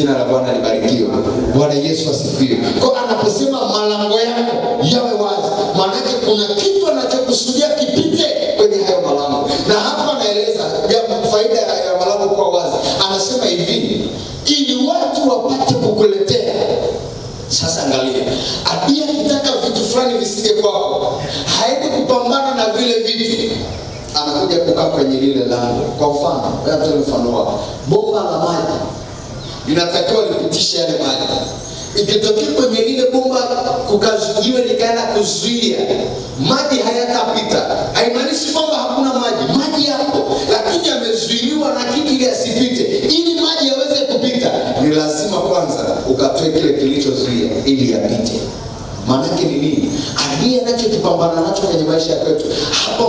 Jina la Bwana libarikiwe. Bwana Yesu asifiwe. Kwa anaposema malango yako yawe wazi, maana yake kuna kitu anachokusudia kipite kwenye hayo malango, na hapa anaeleza faida ya malango kuwa wazi. Anasema hivi, ili watu wapate kukuletea. Sasa angalia, adui akitaka vitu fulani visije kwako, haendi kupambana na vile vitu, anakuja kukaa kwenye lile lango. Kwa mfano, mfano wako, bomba la maji inatakiwa lipitishe yale maji. Ikitokea kwenye lile bomba kukazuiwe nikaenda kuzuia maji, hayatapita. Haimaanishi kwamba hakuna maji, maji yapo, lakini yamezuiliwa na kitu ili asipite. Ili maji yaweze kupita, ni lazima kwanza ukatoe kile kilichozuia ili yapite. Maanake ni nini? Aliye anachokipambana nacho kwenye maisha ya kwetu hapa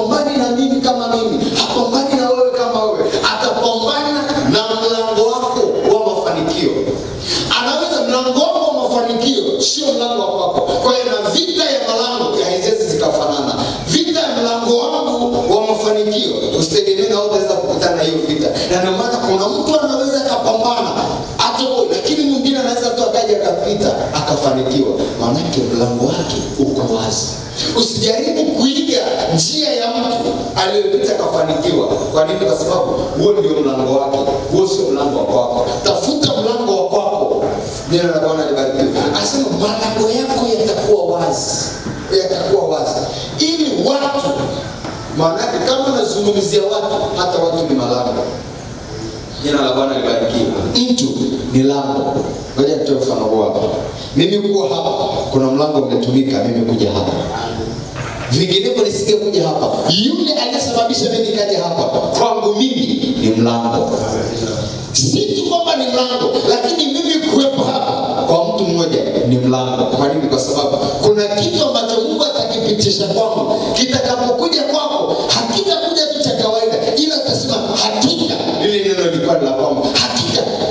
mafanikio sio mlango wa kwako. Kwa hiyo na vita ya malango haiwezi zikafanana. Vita ya mlango wangu wa mafanikio usitegemee na utaweza kukutana na hiyo vita, na ndio maana kuna mtu anaweza akapambana hata lakini mwingine anaweza tu akaja akapita akafanikiwa, Maana yake mlango wake uko wazi. Usijaribu kuiga njia ya mtu aliyopita akafanikiwa. Kwa nini? Kwa sababu huo ndio mlango wake, huo sio mlango wa kwako. malango yako yatakuwa wazi, yatakuwa wazi ili watu, maanake kama nazungumzia watu, hata watu ni malango. Jina la Bwana libarikiwa Mtu ni lango. moja nitoe mfano huu hapa. Mimi kuwa hapa, kuna mlango umetumika mimi kuja hapa, vinginevyo kuja hapa. Yule aliyesababisha mimi kaja hapa kwangu mimi ni mlango, si tu kwamba ni mlango ni mlango. Kwa nini? Kwa sababu kuna kitu ambacho Mungu atakipitisha kwako, kitakapokuja kwako hakitakuja tu cha kawaida, ila utasema hakika, lile neno lilikuwa la kwamba hakika